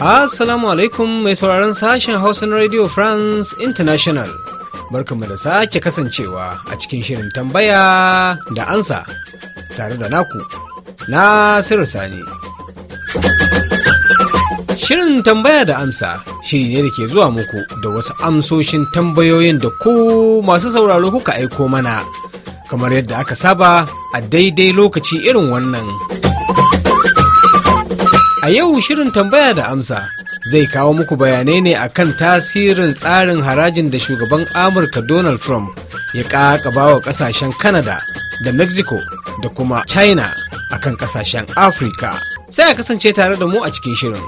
Assalamu alaikum mai sauraron sashen Hausa na Radio France International. Barkanmu da sake kasancewa a cikin shirin tambaya da ansa tare da naku Nasiru Sani. Shirin tambaya da amsa shiri ne da ke zuwa muku da wasu amsoshin tambayoyin da ku masu sauraro kuka aiko mana kamar yadda aka saba a daidai lokaci irin wannan. A yau shirin tambaya da amsa zai kawo muku bayanai ne akan tasirin tsarin harajin da shugaban Amurka Donald Trump ya kakaba wa ƙasashen Canada da Mexico da kuma China akan ƙasashen Afirka. Sai a kasance tare da mu a cikin shirin.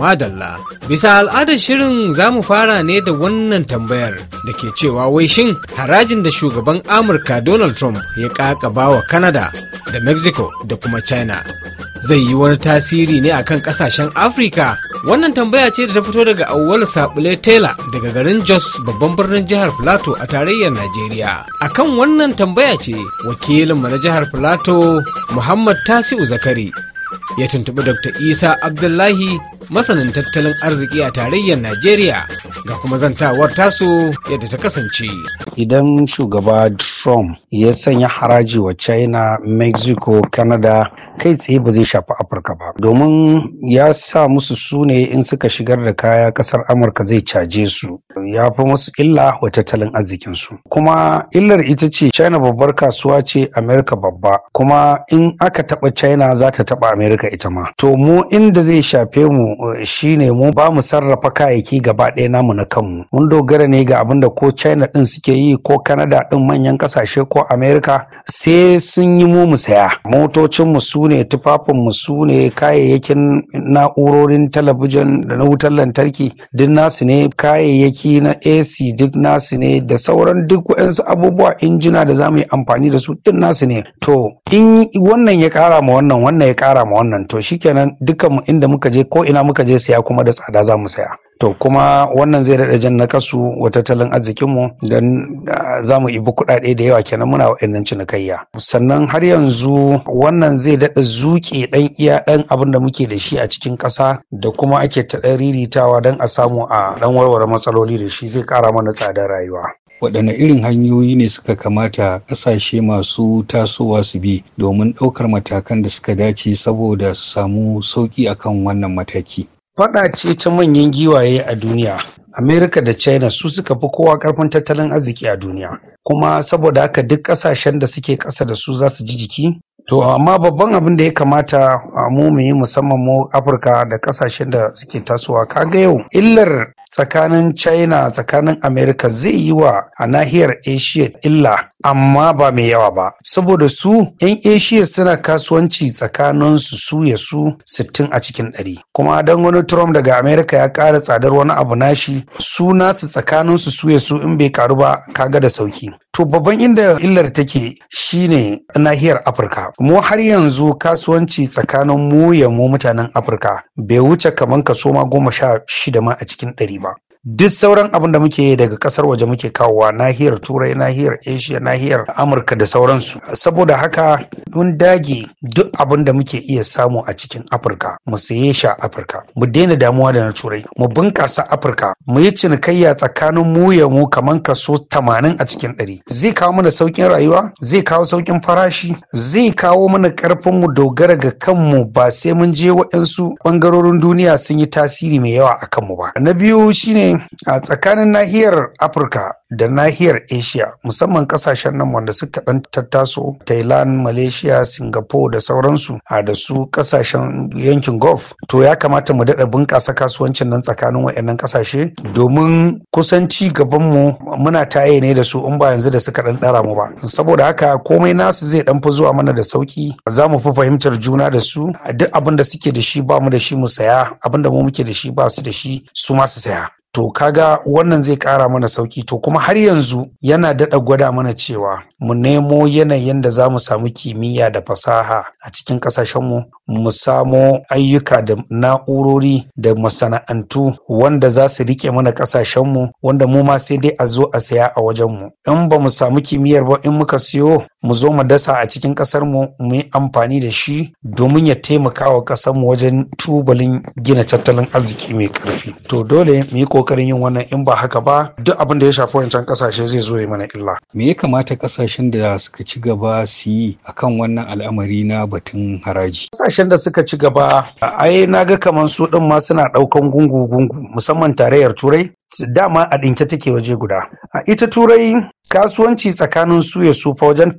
Madalla, bisa al'adar shirin za mu fara ne da wannan tambayar da ke cewa wai shin harajin da shugaban Amurka Donald Trump ya kakaba wa Canada da mexico da kuma china zai yi wani tasiri ne akan kasashen afirka wannan tambaya ce da ta fito daga awwal sabule taylor daga garin jos babban birnin jihar plateau a tarayyar najeriya akan wannan tambaya ce wakilinmu na jihar plateau muhammad tasiu zakari ya tuntuɓi dr isa abdullahi masanin tattalin arziki a tarayyar Najeriya ga kuma zantawar tasu yadda ta kasance. Idan shugaba Trump ya sanya haraji wa China, Mexico, Canada kai tsaye ba zai shafi Afirka ba. Domin ya sa musu su ne in suka shigar da kaya kasar Amurka zai caje su. Ya fi musu illa wa tattalin arzikinsu. Kuma illar ita ce China babbar kasuwa ce Amerika babba. Kuma in aka taɓa China za ta taɓa Amerika ita ma. To mu inda zai shafe mu shine mu ba mu sarrafa kayayyaki gaba ɗaya namu na kanmu mun dogara ne ga abin da ko china din suke yi ko canada din manyan kasashe ko america sai sun yi mu mu saya motocin mu su ne tufafin mu su ne kayayyakin na'urorin talabijin da na wutar lantarki duk nasu ne kayayyaki na ac duk nasu ne da sauran duk wa'ansu abubuwa injina da za mu yi amfani da su duk nasu ne to in wannan ya kara ma wannan wannan ya kara ma wannan to shikenan dukkan mu inda muka je ko ina muka je saya kuma da tsada za mu saya to kuma wannan zai daɗa jan nakasu wa tattalin arzikinmu don ah, za mu ibi kuɗaɗe da yawa kenan muna wa'annan cinikayya sannan har yanzu wannan zai daɗa zuƙe ɗan iya ɗan abin da muke da shi a cikin ƙasa da kuma ake ta riritawa don a samu a ɗan warware matsaloli da shi zai ƙara mana tsadar rayuwa waɗanne irin hanyoyi ne suka kamata ƙasashe masu tasowa su bi domin ɗaukar matakan da suka dace saboda su samu sauƙi akan wannan mataki faɗa ce ta manyan giwaye a duniya amerika da china su suka fi kowa ƙarfin tattalin arziki a duniya kuma saboda haka duk ƙasashen da suke ƙasa da su za su ji jiki To amma babban abin da ya kamata a mu yi musamman mu Afirka da ƙasashen da suke tasowa kaga yau illar tsakanin china tsakanin america zai yi wa a nahiyar asia illa amma ba mai yawa ba saboda su 'yan asia suna kasuwanci tsakaninsu su ya su 60 a cikin 100 kuma don wani trump daga america ya ƙara tsadar wani abu nashi su nasu tsakaninsu su ya su in bai karu ba kaga da sauki to babban inda illar take shine nahiyar afirka mu har yanzu kasuwanci tsakanin mu ya mu mutanen afirka bai wuce kaman kaso ma goma sha shida ma a cikin ɗari ba duk sauran abin da muke daga kasar waje muke kawowa nahiyar turai nahiyar asia nahiyar amurka da sauransu saboda haka mun dage duk abin da muke iya samu a cikin afirka mu saye shi a afirka mu daina damuwa da na turai mu bunkasa afirka mu yi cinikayya tsakanin mu ya mu kamar kaso tamanin a cikin ɗari zai kawo mana sauƙin rayuwa zai kawo sauƙin farashi zai kawo mana karfin mu dogara ga kanmu ba sai mun je waɗansu Bangarorin duniya sun yi tasiri mai yawa a kanmu ba na biyu shine a tsakanin nahiyar Afirka da nahiyar Asia musamman kasashen nan wanda suka dan tattaso Thailand, Malaysia, Singapore da sauransu a da su kasashen yankin golf, To ya kamata mu daɗa bunƙasa kasuwancin nan tsakanin waɗannan kasashe domin kusan ci gabanmu muna taye ne da su in ba yanzu da suka dan ɗara mu ba. Saboda haka komai nasu zai dan fi zuwa mana da sauki za mu fi fahimtar juna da su duk abinda suke da shi ba mu da shi mu saya abinda da mu muke da shi ba su da shi su ma su saya to kaga wannan zai kara mana sauki to kuma har yanzu yana daɗa gwada mana cewa mu nemo yanayin da za mu samu kimiyya da fasaha a cikin ƙasashenmu mu samo ayyuka da na'urori da masana'antu wanda za su rike mana ƙasashenmu wanda mu ma sai dai a zo a saya a wajenmu in ba mu samu kimiyyar ba in muka siyo mu zo mu dasa a cikin ƙasar mu mu yi amfani da shi domin ya taimaka wa ƙasar mu wajen tubalin gina tattalin arziki mai karfi to dole mu yi ƙoƙarin yin wannan in ba haka ba duk abin da ya shafi wancan kasashe zai zo yi mana illa me ya kamata kasashen da suka ci gaba su yi akan wannan al'amari na batun haraji ƙasashen da suka ci gaba ai na ga kamar su din ma suna ɗaukan gungu-gungu musamman tarayyar turai dama a ɗinke take waje guda a ita turai kasuwanci tsakanin su ya su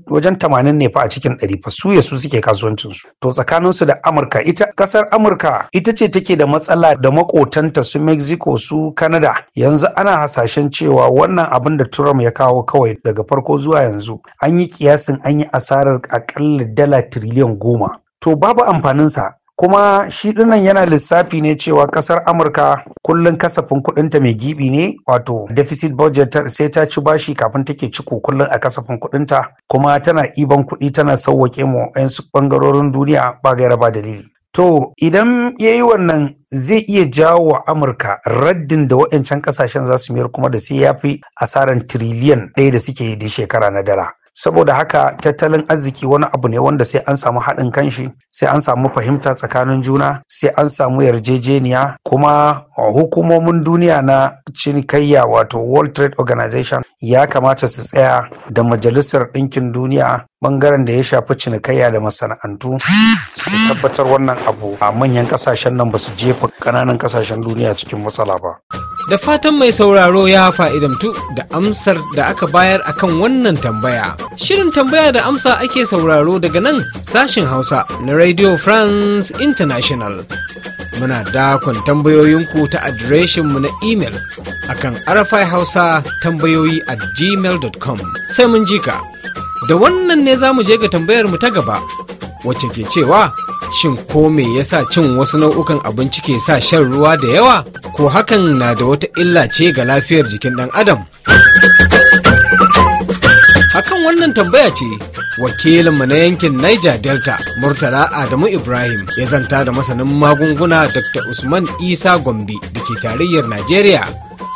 wajen tamanin ne fa a cikin ɗari fa su ya su suke kasuwancin to tsakanin su da amurka ita kasar amurka ita ce take da matsala da makotanta su mexico su canada yanzu ana hasashen cewa wannan abin da trump ya kawo kawai daga farko zuwa yanzu an yi kiyasin an yi asarar akalla dala tiriliyan goma to babu amfaninsa kuma shi dinnan yana lissafi ne cewa kasar amurka kullum kasafin kudinta mai gibi ne wato deficit budget sai ta ci bashi kafin take ciko kullum a kasafin kudinta kuma tana iban kudi tana sauwake mu 'yan bangarorin duniya ba gaira ba dalili To idan ya yi wannan zai iya jawo wa Amurka raddin da waɗancan ƙasashen za su mayar kuma da sai ya fi asaran tiriliyan ɗaya da suke yi da shekara na dala. saboda haka tattalin arziki wani abu ne wanda sai an samu haɗin kanshi sai an samu fahimta tsakanin juna sai an samu yarjejeniya kuma hukumomin duniya na cinikayya wato world trade organization ya kamata su tsaya da majalisar ɗinkin duniya bangaren da ya shafi cinikayya da masana'antu su tabbatar wannan abu a manyan kasashen nan ba su jefa kananan kasashen duniya cikin matsala ba. Da fatan mai sauraro ya fa'idantu da amsar da aka bayar akan wannan tambaya. Shirin tambaya da amsa ake sauraro daga nan sashin Hausa na Radio France International. Muna dakon tambayoyinku ta adireshinmu na imel akan arafai hausa tambayoyi at gmail.com sai mun jika. da wannan ne za mu je ga tambayar mu ta gaba wacce ke cewa shin ko me yasa cin wasu nau'ukan abinci ke sa shan ruwa da yawa ko hakan na da wata illa ce ga lafiyar jikin ɗan adam akan wannan tambaya ce wakilinmu na yankin niger delta murtala adamu ibrahim ya zanta da masanin magunguna dr usman isa gombe da ke tarayyar najeriya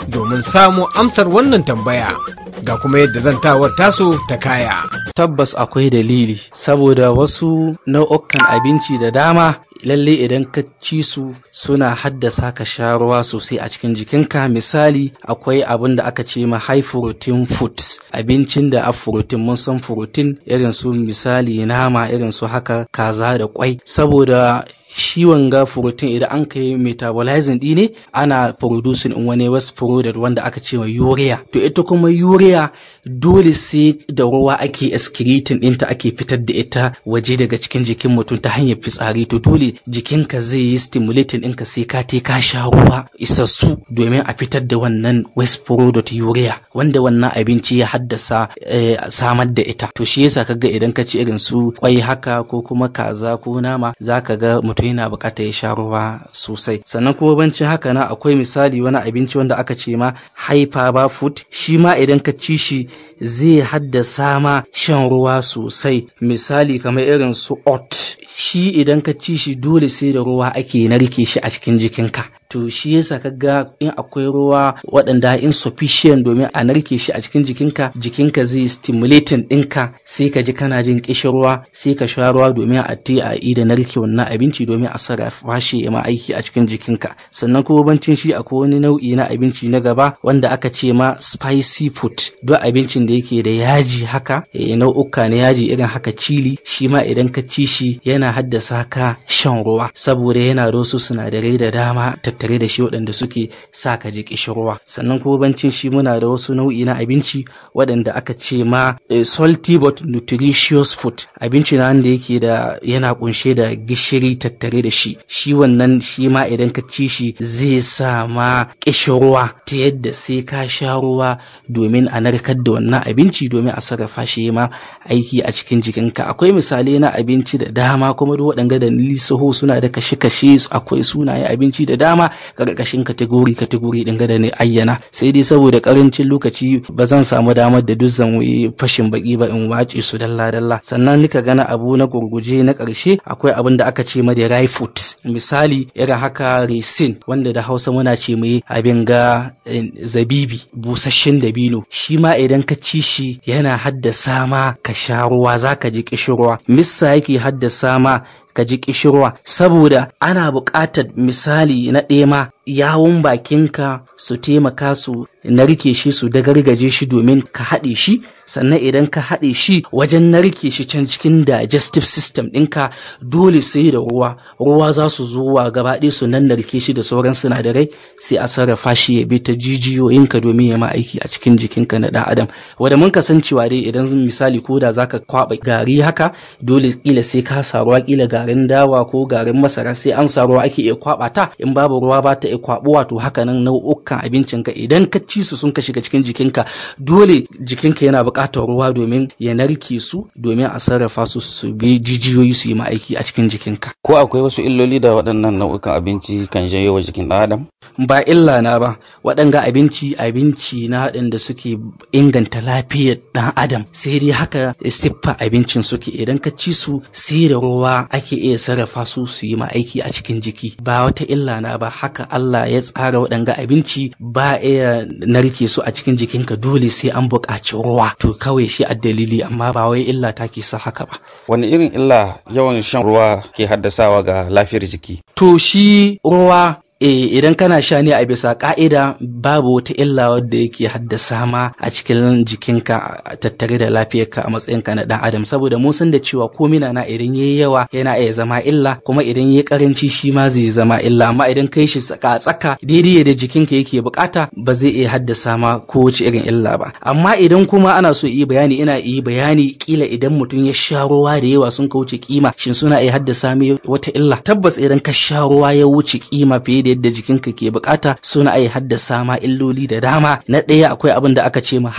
domin samu amsar wannan tambaya ga kuma yadda zantawar tasu ta kaya. Tabbas akwai dalili saboda wasu nau'ukan abinci da dama lalle idan ka ci su suna haddasa ka sha ruwa sosai a cikin jikinka misali akwai abin da aka ce ma high protein foods abincin da a protein mun san protein irin su misali nama irin su haka kaza da kwai saboda shi wanga protein idan an kai metabolizing ɗi ne ana producing in wani wasu product wanda aka ce wa urea to ita kuma urea dole sai da ruwa ake excreting ɗinta ake fitar da ita waje daga cikin jikin mutum ta hanyar fitsari to dole jikinka zai yi stimulating ɗinka sai ka te ka sha ruwa isassu domin a fitar da wannan waste product urea wanda wannan abinci ya haddasa eh, samar da ita to shi yasa kaga idan ka ci irin su kwai haka ko kuma kaza ko nama zaka ga mutum wato yana bukatar ya sha ruwa sosai sannan kuma bancin haka na akwai misali wani abinci wanda aka ce ma haifa ba food shi ma idan ka ci shi zai haddasa ma shan ruwa sosai misali kamar irin su ot, shi idan ka ci shi dole sai da ruwa ake narke shi a cikin jikinka to shi yasa ka ga in akwai ruwa waɗanda insufficient domin a narke shi a cikin jikinka jikinka zai stimulating ɗinka sai ka ji kana jin ruwa sai ka sha ruwa domin a ti a yi da narke wannan abinci domin a sarrafa shi ya ma aiki a cikin jikinka sannan kuma bancin shi akwai wani nau'i na abinci na gaba wanda aka ce ma spicy food duk abincin da yake da yaji haka eh, nau'uka na yaji irin haka chili, shi ma idan ka ci shi yana haddasa ka shan ruwa saboda yana da wasu sinadarai da dama tattare da shi waɗanda suke sa ka je kishirwa sannan kuma bancin shi muna da wasu nau'i na abinci waɗanda aka ce ma eh, salty but nutritious food abinci na wanda yake da yana kunshe da gishiri tattare da shi shi wannan shi ma idan ka ci shi zai sa ma kishirwa ta yadda sai ka sha ruwa domin a narkar da wannan abinci domin a sarrafa shi ma aiki a cikin jikinka akwai misalai na abinci da dama kuma duk waɗanda da lisaho suna da kashe-kashe akwai sunaye abinci da dama ƙarƙashin kategori kategori ɗin da ni ayyana sai dai saboda ƙarancin lokaci ba zan samu damar da duk zan fashin baki ba in wace su dalla dalla sannan nika gana abu na gurguje na ƙarshe akwai abin da aka ce ma da rifoot misali irin haka resin wanda da hausa muna ce mai abin ga eh, zabibi busasshen dabino shi ma idan ka ci shi yana haddasa ma ka sha ruwa za ka ji ƙishirwa missa yake haddasa ma ka ji kishirwa saboda ana buƙatar misali na ɗema yawun bakinka su taimaka su narke shi su dagargaje shi domin ka haɗe shi sannan idan ka haɗe shi wajen narke shi can cikin digestive system ɗinka dole sai da ruwa ruwa za su zo wa gabaɗe su nan narke shi da sauran sinadarai sai a sarrafa shi ya bi ta jijiyoyinka domin ya ma aiki a cikin jikinka na ɗan adam wanda mun cewa dai idan misali ko da za ka kwaɓa gari haka dole ƙila sai ka saruwa ƙila garin dawa ko garin masara sai an saruwa ake iya kwaɓa ta in babu ruwa ba ta ya kwabo wato hakanan nau'ukan ka idan ka ci su sun ka shiga cikin jikinka dole jikinka yana buƙatar ruwa domin ya narke su domin a sarrafa su su bi jijiyoyi su yi ma'aiki a cikin jikinka. Ko akwai wasu illoli da waɗannan nau'ukan abinci kan janyo wa jikin ɗan adam? ba illa na ba waɗanga abinci abinci na da suke inganta lafiyar ɗan adam sai dai haka siffa abincin suke idan ka ci su sai da ruwa ake iya sarrafa su su yi aiki a cikin jiki ba wata illa na ba haka Allah ya tsara waɗanga abinci ba iya narke su a cikin jikinka dole sai an buƙaci ruwa to kawai shi a dalili amma ba wai illa ta ke sa haka ba wani irin illa yawan shan ruwa ke haddasawa ga lafiyar jiki to shi ruwa eh idan kana sha ne a bisa ka'ida babu wata illa wadda yake haddasa ma a cikin jikinka a tattare da lafiyarka a matsayinka na dan adam saboda mun san da cewa mina na idan yayi yawa yana iya zama illa kuma idan yayi karanci shi ma zai zama illa amma idan kai shi tsaka tsaka daidai da jikinka yake bukata ba zai iya haddasa ma ko wace irin illa ba amma idan kuma ana so yi bayani ina yi bayani kila idan mutum ya sha ruwa da yawa sun kauce kima shin suna iya haddasa mai wata illa tabbas idan ka sha ruwa ya wuce kima fiye da yadda jikinka ke bukata suna ai haddasa ma illoli da dama na ɗaya akwai abin da aka ce ma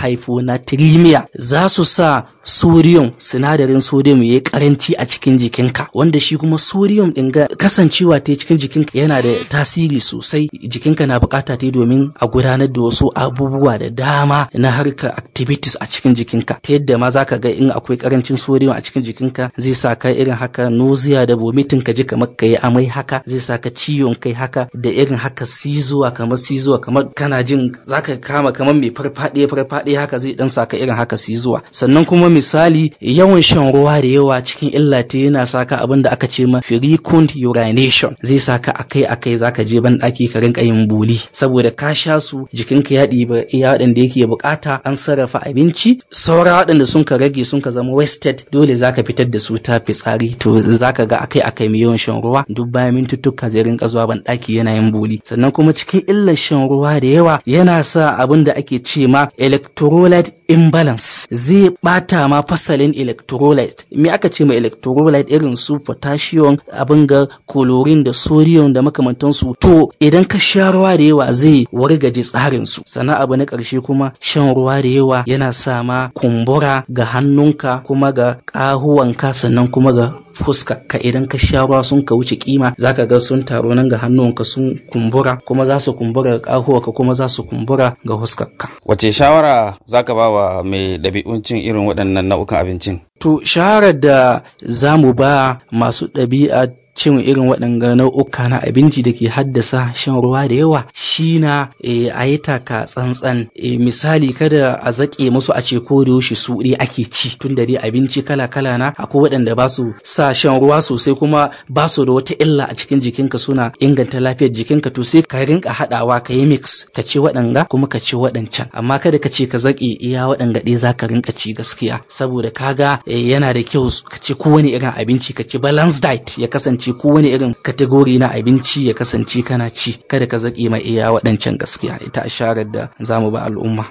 tirimiya. za su sa sodium sinadarin sodium ya yi karanci a cikin jikinka wanda shi kuma sodium din ga kasancewa ta cikin jikinka yana da tasiri sosai jikinka na bukata ta domin a gudanar da wasu abubuwa da dama na harkar activities a cikin jikinka ta yadda ma zaka ga in akwai karancin sodium a cikin jikinka zai sa ka irin haka nausea da vomiting ka ji kamar ka yi amai haka zai sa ka ciwon kai haka da irin haka sizuwa kamar sizuwa kamar kana jin zaka kama kamar mai farfadiya farfadiya haka zai dan saka irin haka sizuwa sannan kuma misali yawan shan ruwa da yawa cikin illa ta yana saka abin da aka ce ma frequent urination zai saka akai akai zaka je ban daki ka rinka yin buli saboda ka sha su jikinka ya ɗiba iya waɗanda yake bukata an sarrafa abinci saura waɗanda sun ka rage sun ka zama wasted dole zaka fitar da su ta fitsari to zaka ga akai akai mai yawan shan ruwa duk bayan mintuttuka zai rinka zuwa ban daki yana yin sannan kuma cikin illar shan ruwa da yawa yana sa abin da ake ce ma electrolyte imbalance zai bata ma fasalin electrolyte me aka ce ma electrolyte irin su potassium abin ga chlorine da sodium da makamantansu to idan ka sha ruwa da yawa zai wargaje tsarin su sannan abu na karshe kuma shan ruwa da yawa yana sa ma kumbura ga hannunka kuma ga kahuwanka sannan kuma ga ka idan ka sha ruwa sun ka wuce kima zaka ga sun taro nan ga hannuwanka sun kumbura kuma za su kumbura ga ka kuma za su kumbura ga fuskarka wace shawara zaka ba wa mai ɗabi'un cin irin waɗannan nau'ukan abincin to shawarar da za mu ba masu ɗabi'a cin irin waɗanga nau'uka na abinci da ke haddasa shan ruwa da yawa shi na eh, a yi taka tsantsan eh, misali kada a zaƙe musu a ce ko da yaushe su ɗaya ake ci tun da dai abinci kala kala na akwai waɗanda ba su sa shan ruwa sosai kuma ba su da wata illa a cikin jikinka suna inganta lafiyar jikinka to sai ka rinka haɗawa ka yi mix ka ce waɗanga kuma ka ce waɗancan amma kada ka ce ka zaƙe iya waɗanga ɗaya za ka rinka ci gaskiya saboda kaga eh, yana da kyau ka ce kowane irin abinci ka ce balance diet ya kasance kasance ko wani irin kategori na abinci ya kasance kana ci kada ka zaki ma iya waɗancan gaskiya ita a asharar da za mu ba al'umma.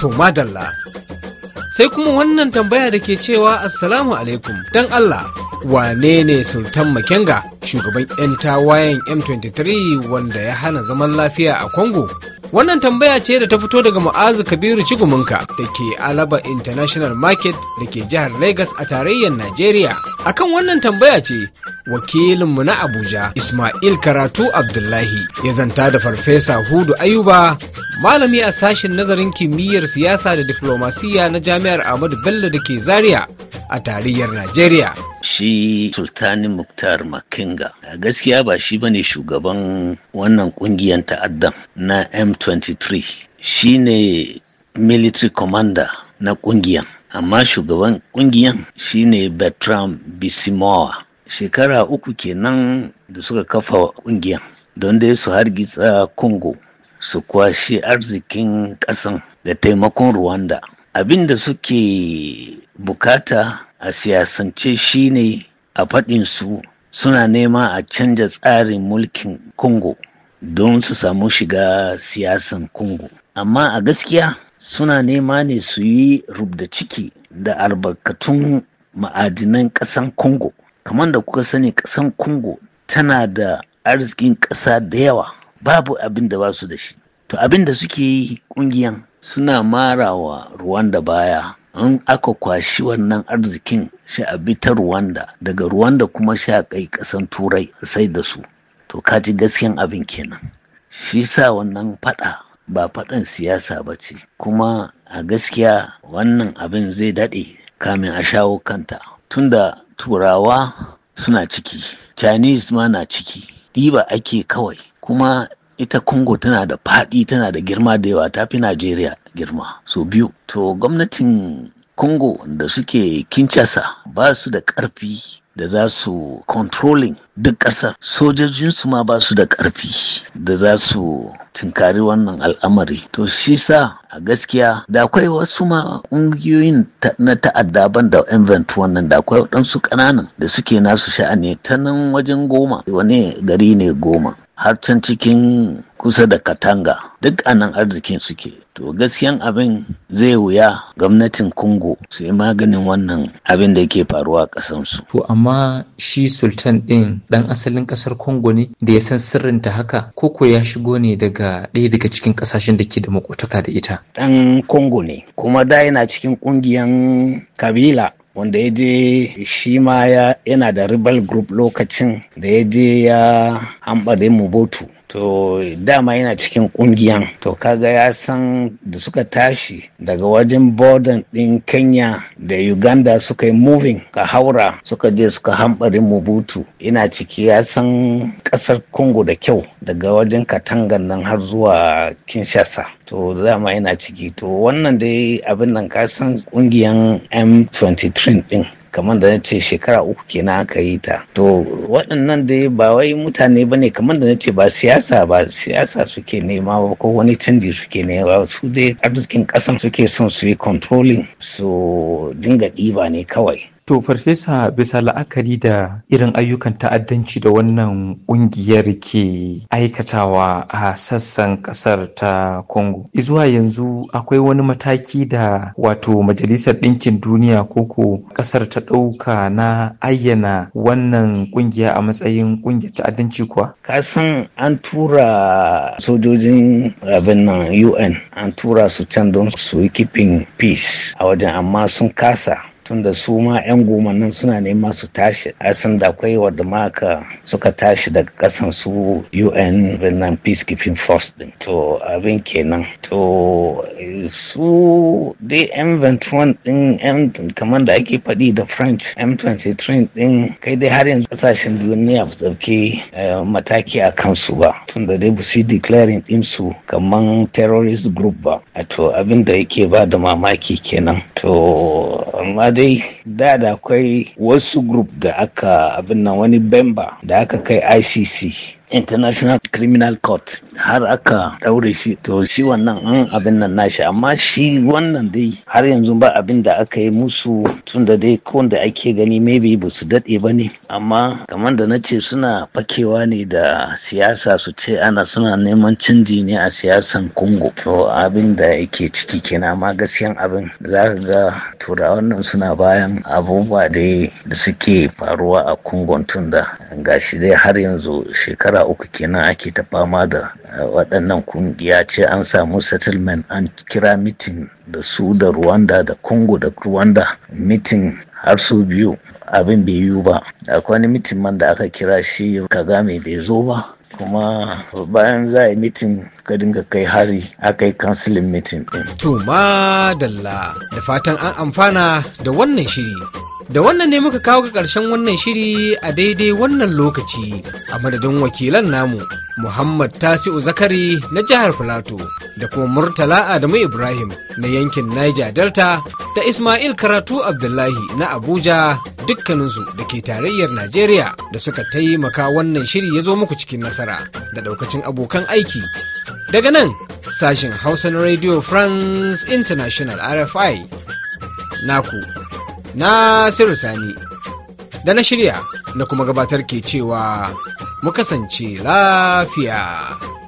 To madalla sai kuma wannan tambaya da ke cewa assalamu alaikum don Allah wane ne sultan makenga shugaban 'yan tawayen m23 wanda ya hana zaman lafiya a Kongo? Wannan tambaya ce da ta fito daga Mu'azu Kabiru Cigumunka da ke Alaba International Market da ke jihar Lagos a tarayyar Najeriya. Akan wannan tambaya ce wakilinmu na Abuja Ismail Karatu Abdullahi ya zanta da Farfesa Hudu Ayuba malami a sashen nazarin kimiyyar siyasa da diflomasiya na Jami'ar Ahmadu Bello da ke Zaria a tarayyar Najeriya. shi sultani muktar makinga gaskiya ba shi bane shugaban wannan kungiyar ta'addan na m23 shi ne military commander na kungiyar amma shugaban shi ne bertram bisimowa shekara uku kenan da suka kafa kungiyar don dai su hargitsa congo su kwashe arzikin ƙasan da taimakon rwanda abin da suke bukata a siyasance shine a faɗinsu suna nema a canja tsarin mulkin congo don su samu shiga siyasan congo amma a gaskiya suna nema ne su yi rubda ciki da albarkatun ma'adinan ƙasan congo kamar da kuka sani ƙasan congo tana da arzikin ƙasa da yawa babu abin da ba su da shi to abin da suke yi ƙungiyan suna marawa Rwanda baya An aka kwashi wannan arzikin shi a bi ta Rwanda daga Rwanda kuma sha kai kasan turai sai da su to kaji gaskiyan abin kenan shi sa wannan fada ba fadan siyasa ba ce kuma a gaskiya wannan abin zai daɗe kamin a shawo kanta tunda turawa suna ciki chinese ma na ciki ɗiba ake kawai kuma ita congo tana da faɗi tana da girma da yawa ta fi najeriya girma so biyu to gwamnatin congo da suke kinshasa ba su da ƙarfi da za su controlling duk ƙasar sojojinsu ma ba su da ƙarfi da za su tunkari wannan al'amari to shi sa a gaskiya da akwai wasu ma ƙungiyoyin na ta'adda ban da invent wannan da akwai waɗansu ƙananan da suke nasu sha'ani ta nan wajen goma wani gari ne goma har can cikin kusa da katanga duk anan arzikin suke to gaskiyan abin zai wuya gwamnatin kungo su yi maganin wannan abin da yake faruwa a ƙasansu. to amma shi sultan ɗin ɗan asalin ƙasar kungo ne da ya san sirrin ta haka koko ya shigo ne daga ɗaya daga cikin ƙasashen da ke da makotaka da ita ɗan kungo ne kuma da yana cikin ƙungiyan kabila wanda ya je shi ma yana da rebel group lokacin da ya je ya hambare mu botu to dama yana cikin kungiyan to kaga ya san da suka tashi daga wajen border din kenya da uganda suka yi moving ka haura suka je suka hambarin mubutu ina ciki ya san kasar congo da kyau daga wajen katangan nan har zuwa kinshasa to dama yana ciki to wannan dai abin nan ka san kungiyan m23 din kamar da na ce shekara uku kenan aka yi ta to waɗannan dai ba wai mutane ba ne kamar da na ce ba siyasa ba siyasa suke nema ba ko wani canji suke nema su dai arzikin ƙasan suke son su yi controlling su dinga ɗiba ne kawai To farfesa bisa la'akari da irin ayyukan ta'addanci da wannan ƙungiyar ke aikatawa a sassan ƙasar ta Congo. izuwa yanzu akwai wani mataki da wato Majalisar Ɗinkin Duniya ko koko ƙasar ta ɗauka na ayyana wannan ƙungiya a matsayin ƙungiyar ta'addanci kuwa? Kasan an tura sojojin abin nan UN an tura su can don su yi keeping peace a wajen amma sun kasa tunda su ma 'yan gomannin suna nema su tashi a san da akwai wadda maka suka tashi daga kasan su un vietnam peacekeeping force din to abin kenan to su dai m21 din m kamar da ake faɗi da french m23 din kai dai har yanzu kasashen duniya ba tsarki eh, mataki a kansu ba tunda dai ba su yi declaring din su kamar terrorist group ba to abin da yake ba da mamaki kenan to dai da da akwai wasu group da aka abin nan wani bemba da aka kai icc international criminal court har aka daure shi to shi wannan an mm, abin nan nashi amma shi wannan dai har yanzu ba abin da aka yi musu tun da dai ko da ake gani maybe ba su daɗe ba ne amma kamar da na ce suna fakewa ne da siyasa su ce ana suna neman canji ne a siyasan congo to abin da yake ciki kenan amma gaskiyan abin za ka ga turawan nan suna bayan abubuwa da suke faruwa a congo tun da gashi dai har yanzu shekara shekara uku kenan ake ta fama da eh, waɗannan kungiya ce an samu settlement an kira mitin da su da rwanda da congo da rwanda mitin har su biyu abin bai yiwu ba akwai mitin man da aka kira shi kagame bai zo ba kuma bayan za a mitin ka dinga kai hari aka yi kansilin mitin din. Tuma da fatan an amfana da wannan shiri Da wannan ne muka kawo ga ƙarshen wannan shiri a daidai wannan lokaci a madadin wakilan namu Muhammad Tasi'u Zakari na jihar Filato da kuma Murtala Adamu Ibrahim na yankin Niger Delta da Ismail Karatu Abdullahi na Abuja dukkaninsu da ke tarayyar Najeriya da suka taimaka wannan shiri ya zo muku cikin nasara da ɗaukacin abokan aiki. Daga nan sashen Hausa na Radio France International RFI. Naku Na Nasiru Sani da na shirya da kuma gabatar ke cewa mu kasance lafiya.